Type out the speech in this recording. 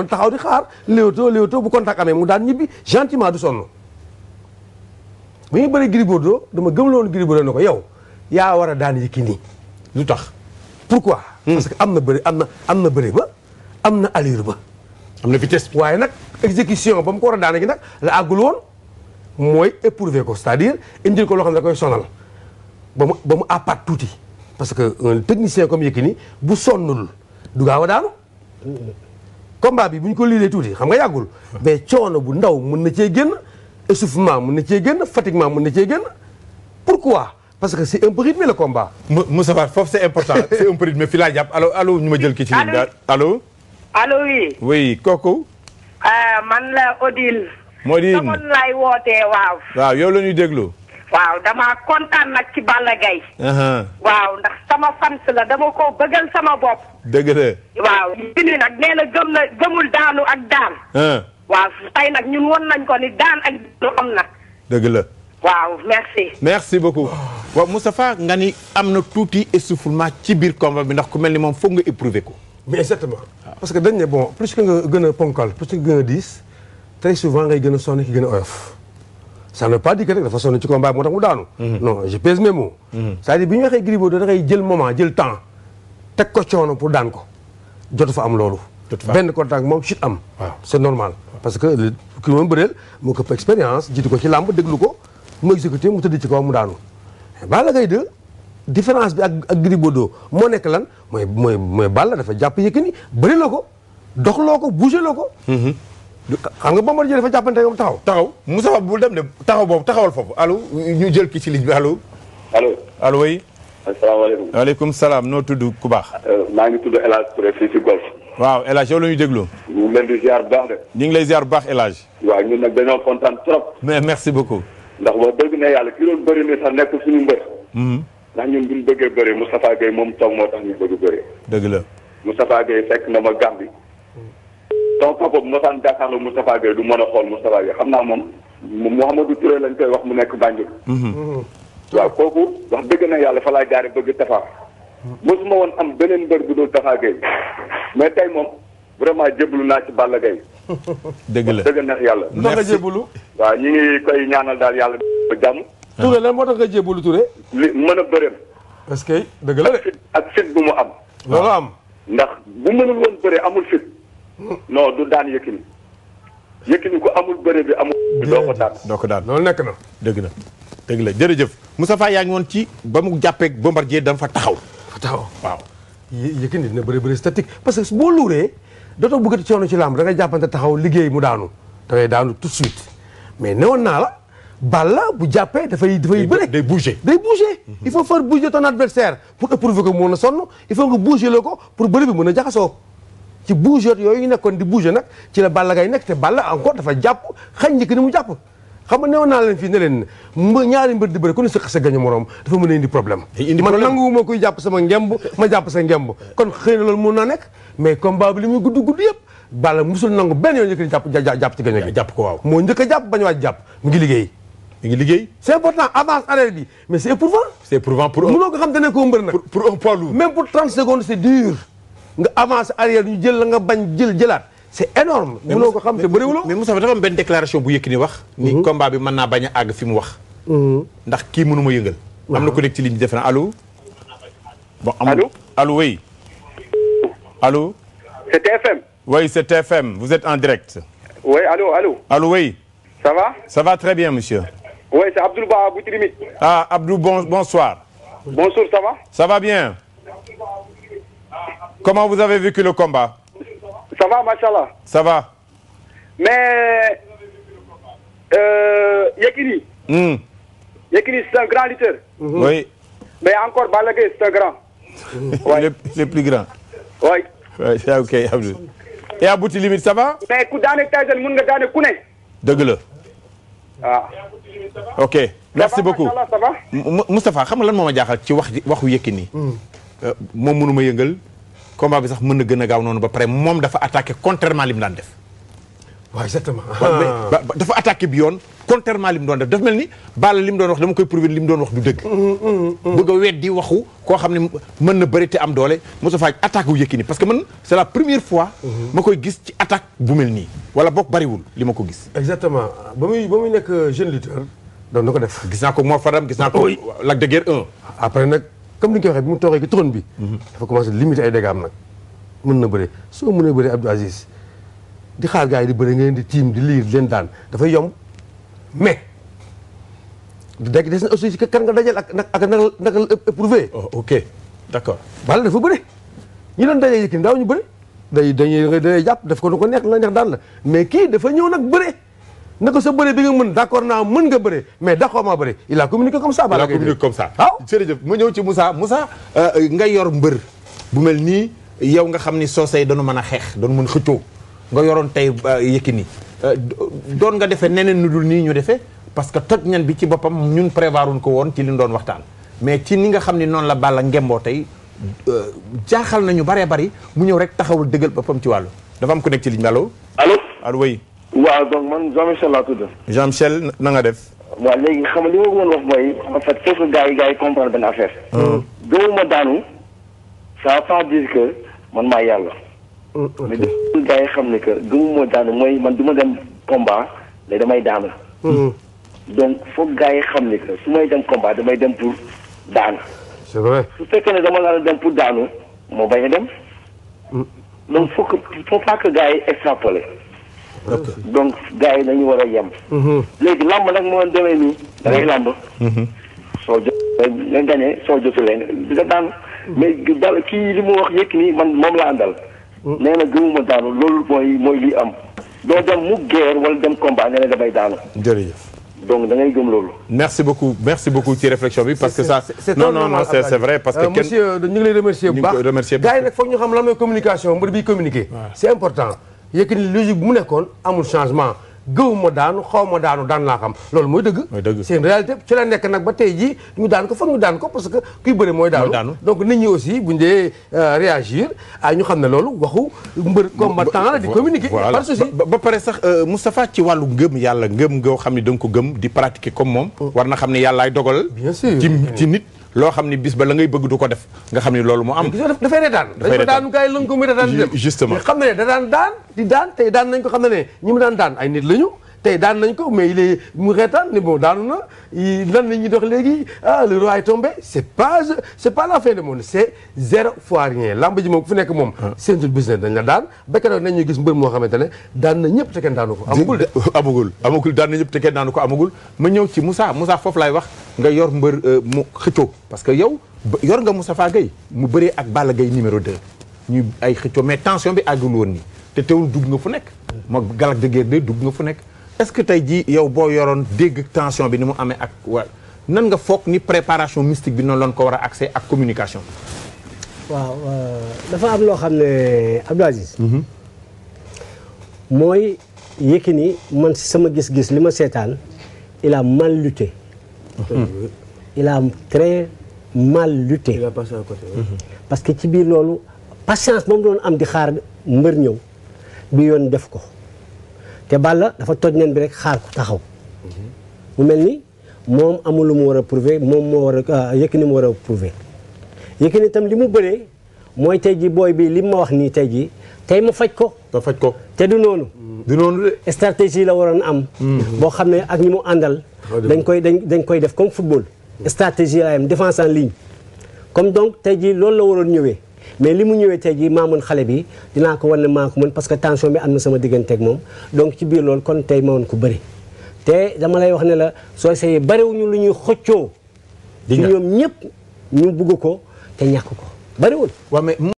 doon taxaw di xaar léewtoo léewtoo bu contact amee mu daan ñibbi gentiment du sonn bu ñuy bëri Gris Bordeaux dama gëm loon Gris Bordeaux ne ko yow yaa war a daan nii lu tax pourquoi hmm. parce que am na bëri am na am na bëri ba am na allure ba am na fi vitesse waaye nag exécution ba mu ko war a daana gi nag la àggul woon mooy éprouver ko cest à ko loo xam ne da koy sonal ba mu ba mu àppaat tuuti parce que un technicien comme Yékini bu sonnul du gaaw a daanu combat bi bu ñu ko liilee tuuti xam nga yàggul mais coono bu ndaw mën na cee génn essoufflement mun na cee génn fatiguement mën na cee génn pourquoi parce que c'est un peu rythmé le combat. Moussa Fall foofu c'est important c'est un peu rythmé laa jàpp alo allo ñu ma jël ki ci ligne daal allo. allo oui. oui euh, man la Odile. Modine Sokone laay wootee waaw. waaw yow la ñuy déglu. waaw damaa kontaan nag ci Balla Gaye waaw ndax sama fans la dama ko bëggal sama bopp. dëgg la. waaw fini nag nee na gëm na gëmul daanu ak daan. waaw tey nag ñun won nañ ko ni daan ak am na. dëgg la. waaw merci. merci beaucoup. waaw Moustapha nga ni am na tuuti essoufflement ci biir combat bi ndax ku mel ni moom foog nga éprouver ko. mais exactement. parce que dañ ne bon plus que nga gën a ponkal plus que nga gën diis très souvent ngay gën a sonn ki gën a oyof. ça ne veut pas dire dafa sonn ci combat moo tax mu daanu. Mhm. non je pèse mes mots. Mhm. cest bi ñu waxee Gris Bordeaux da jël moment jël temps teg ko coono pour daan ko jotu fa am loolu. benn contact moom chute am. waaw c'est normal parce que ki moom bëreel moo ko expérience jiitu ko ci làmb déglu ko mu exécuté mu tëdd ci kaw mu daanu. Balla kay 2 différence bi ak ak Gris Bordeaux moo nekk lan mooy mooy mooy Balla dafa jàpp Yékini bëri la ko loo ko bougé la ko. xam nga Bombardier dafa jàppante yow taxaw. taxaw Moussa bul dem de taxaw boobu taxawal foofu allo ñu jël ki ci ligne bi alo alo allo oui. asalaamaaleykum. waaleykum salaam noo tudd ku baax. Euh, maa ngi tudd El Hadj Touré fii ci golf waaw El Hadj yow la déglu. ñu ngi leen di ziar baax de. ñu ngi lay ziar baax El waa ñu nag dañoo kontaan trop. mais merci beaucoup. ndax wax dëgg ne yàlla ki doon bëri ni sax nekk suñu mbër. Mm-hmm. ndax ñu bu ñu bëggee bëri Moustapha Gueye moom toog moo tax ñu bëgg dëgg la. Moustapha Gueye fekk na ma Gambie donc papa bu ma saan jàkkaarloo Moustapha Gueye du mën a xool Moustapha Gueye xam naa moom Mouhamadou Touré lañ koy wax mu nekk Banjul. Mhm. waaw kooku wax dëgg na yàlla fa laa jaare bëgg Tafa. mosuma woon am beneen mbër bu dul Tafa Gueye tey moom vraiment jébbalu naa ci Balla Gaye dëgg la dëgg neex yàlla. merci nga ngi koy ñaanal daal yàlla jàmm. Touré lan moo tax nga jébbalu Touré. li mën a bëreem. est-ce que dëgg la de. ak fit ak fit bu mu am. loolu am. ndax bu mënul woon bëree amul fit. non du daan Yékini Yékini ko amul bëre bi amul. doo ko daan doo loolu nekk na dëgg na dëgg la jërëjëf Moustapha yaa ngi woon ci ba mu jàppee Bombardier dama fa taxaw. fa taxaw waaw. Yékini dina bëri bëri statique parce que boo luuree dootoo bëggati coono ci làmb dangay ngay jàppante taxaw liggéey mu daanu da ngay daanu tout de suite mais newoon naa la. Balla bu jàppee dafay dafay bëre day bouger day bouger mhm. il faut faire bouger ton adversaire pour éprouver que la ko pour mën a jaxasoo ci bougeur yooyu ñu nekkoon di bouger nag ci la Balla Gaye nekk te Balla encore dafa jàpp xañ njëkk ni mu jàpp xam nga newoon leen fii ne leen mba ñaari mbër di bëri ku ne sa sa gañu morom dafa ma jàpp sa ngemb kon xëy na loolu mun naa nekk mais combat bi li muy gudd gudd yëpp Balla musul jàpp jàpp waaj jàpp mu ngi liggéey mi ngi liggéey c'est important avance arrière mais c'est éprouvant c'est éprouvant nga avance arrière ñu jël la nga bañ jël jëlaat c' est énorme mënoo ko xam te bëriwuloo mais Moussa dafa am benn déclaration bu Yékini wax ni mhm. combat bi mën naa bañ a àgg fi mu wax mhm. ndax kii mënu ma yëngal am na ko nekk ci ligne bi defe na allo bon am allo alo oui allo c'est TFM oui c'est TFM vous êtes en direct oui alo alo alo oui ça va ça va très bien monsieur oui c'est Abdou Ba Boutirimi ah Abdou bon bonsoir bonsoir ça va ça va bien Comment vous avez vécu le combat Ça va, Machallah. Ça va. Mais. Euh, Yekini. Mm. un grand lutteur. Mhm. Mais encore, Balagé, c'est un grand. le, plus grand. ok, Abdou. Et à bout de limite, ça va Mais Koudane Tazen, Munga Dane Kune. Degle. Ah. Ok, merci beaucoup. Ça va Moustapha, je sais pas ce que tu as dit. Je combat bi sax mën na gën a gaaw noonu ba pare moom dafa attaqué contrairement li mu daan def. waaw exactement. Ah. dafa attaqué bi yoon contrairement li mu doon def daf mel ni Balla li mu doon wax dama koy prouver li mu doon wax du dëgg. Mm, mm, mm, bëgg a weddi waxu koo xam ne mën na bëri te am doole Moussa Faye attaque wu Yékini parce que man c'est la première fois. Mm-hmm. ma koy gis ci attaque bu mel nii. wala book bariwul li ma ko gis. exactement ba muy ba muy nekk jeune lutteur. doon na ko def gis naa ko moo faram gis naa ko. Lac de comme ni ñu ko waxee bi mu toogee ci trône bi. Mhm. dafa commencé limiter ay dégâts am nag. na bëre soo mënee bëre Abdou Aziz di xaar gars yi di bëre ngeen di tiim di liir leen daan dafay yomb mais dégg des na aussi kan nga dajal ak ak naka naka la oh, dafa bëre ñi doon dajee Yékini daaw ñu bëre day dañuy dañuy jàpp daf ko nu ko neex la neex daan la mais kii dafa ñëw nag bëre. na sa bëre bi nga mën d' naa mën nga bëre mais d' accord maa bëre il a communiqué comme ça. Balla Gaye il a communiqué comme ça waaw. Ah. jërëjëf ma ci Moussa Moussa euh, nga yor mbër bu mel nii yow nga xam ni soo soosey doonu mën a xeex doonu mën xëccoo nga yoroon tey euh, Yékini euh, doon nga defee neneen nu dul nii ñu defee parce que toj ñan bi ci boppam ñun prévoir ko woon ci li ñu doon waxtaan mais ci ni nga xam ni noonu la Balla ngemboo tey jaaxal ñu baree bari mu ñëw rek taxawul dëggal boppam ci wàllu dafa am ku ci ligne bi allo. allo allo oui. waaw donc man Jean Michel laa tudd. Jean Michel na nga def. waaw léegi xam nga li ma ko mën wax mooy en fait faut que gars yi gars yi comprendre benn affaire. Hmm. gëmuma daanu ça di dire que man maa yàlla. Hmm, mais dégg gars yi xam ne m gëmuma daanu mooy man du ma dem combat mais damay daanu. Hmm. donc foog gars yi xam ne que su may dem combat damay dem pour daanu. c'est vrai su fekkee ne dama naan dem pour daanu moo bañ a dem. donc faut que faut pas que gars yi extrapoler. donc gars yi dañu war a yem. Mhm. léegi lamb nag moo demee nii mhm. da ngay lamb. Mhm. soo jot nga gagné soo li mu wax yëkk nii man moom la àndal. nee na daanu loolu mooy li am. doo mu guerre wala dem combat nee damay daanu. jërëjëf. donc gëm loolu. merci beaucoup merci beaucoup ci réflexion parce que ça non non non c'est vrai parce que. Euh, monsieur euh, ñu remercier bu baax ñu ngi koy remercier bu communication mbir bi communiquer. c'est important. Yékini logique bu mu nekkoon amul changement gëw ma daanu xaw ma daanu daan laa xam loolu mooy dëgg. mooy dëgg seen une réalité ci la nekk nag ba tey jii ñu daan ko foog ñu daan ko parce que kuy bëri mooy daanu donc nit ñi aussi bu dee euh, réagir ah ñu xam ne loolu waxu mbër combattant la di communiquer. par souci ba pare sax euh, Moustapha ci wàllu ngëm yàlla ngëm goo xam ne da ko gëm di pratiquer comme moom. Euh. war na xam ne yàllaay dogal. bien sûr ci nit. loo xam ni bis ba ngay bëgg du ko def nga xam ni loolu mu am dafay reetaan dañ ko daanu gars yi lënga ko muy reetaan justement xam na ne da daan daan di daan tey daan nañ ko xam ne ne ñi mu daan daan ay nit lañu tey daan nañ ko mais il est mu reetaan ne bon daanu na lan la ñuy dox léegi ah, le roi est tombé c' est pas c' est pas la fin du monde c' est zéro fois rien lamb ji moom fu nekk moom. Ah. seen business dañ la daan ba keroog nañ ñu gis mbër moo xamante ne daan na ñëpp te ko. amagul de amagul amagul daan te kenn daanu ko amagul ma ñëw ci musa musa foofu laay wax nga yor mbër euh, mu xëccoo parce que yow yor nga Moustapha Gueye mu bëree ak Balla Gaye numéro de ñu ay xëccoo mais tension bi àggul woon nii te teewul dugg nga fu nekk. moom Galac de Guerre dugg nga fu nekk. est-ce que tey jii yow boo yoroon dégg tension bi ni mu amee ak wa nan nga foog ni préparation mystique bi noonu lañ ko war a accès ak communication. Euh, am loo xam ne Abdou Aziz. Mm-hmm. mooy Yékini man sama gis-gis li ma seetaan il a mal lutté. Mm-hmm. mal lutté. il a mm-hmm. que ci biir loolu patience moom doon am xaar mbër ñëw bi yoon def ko. te Balla dafa toj neen bi rek xaar ku taxaw mu mel ni moom amul lu mu war a prouver moom moo war a ah, Yékini mu war a prouver Yékini itam li mu bëree mooy tey ji booy bi li ma wax nii tey ji tey ma faj ko ko te du noonu mm. du stratégie la waroon am mm. boo xam ne ak ñi mu àndal dañ koy dañ dañ koy def comme football mm. stratégie la am défense en ligne comme donc tey ji loolu la waroon ñëwee mais li mu ñëwee tey jii maa mën xale bi dinaa ko wan ne maa ko mën parce que tension bi am na sama diggante ak moom donc ci biir loolu kon tey ma woon ko bëri te dama lay wax ne la soo essayé bariwuñu lu ñuy xëccoo ci ñoom ñëpp ñu bugg ko te ñàkk ko bariwul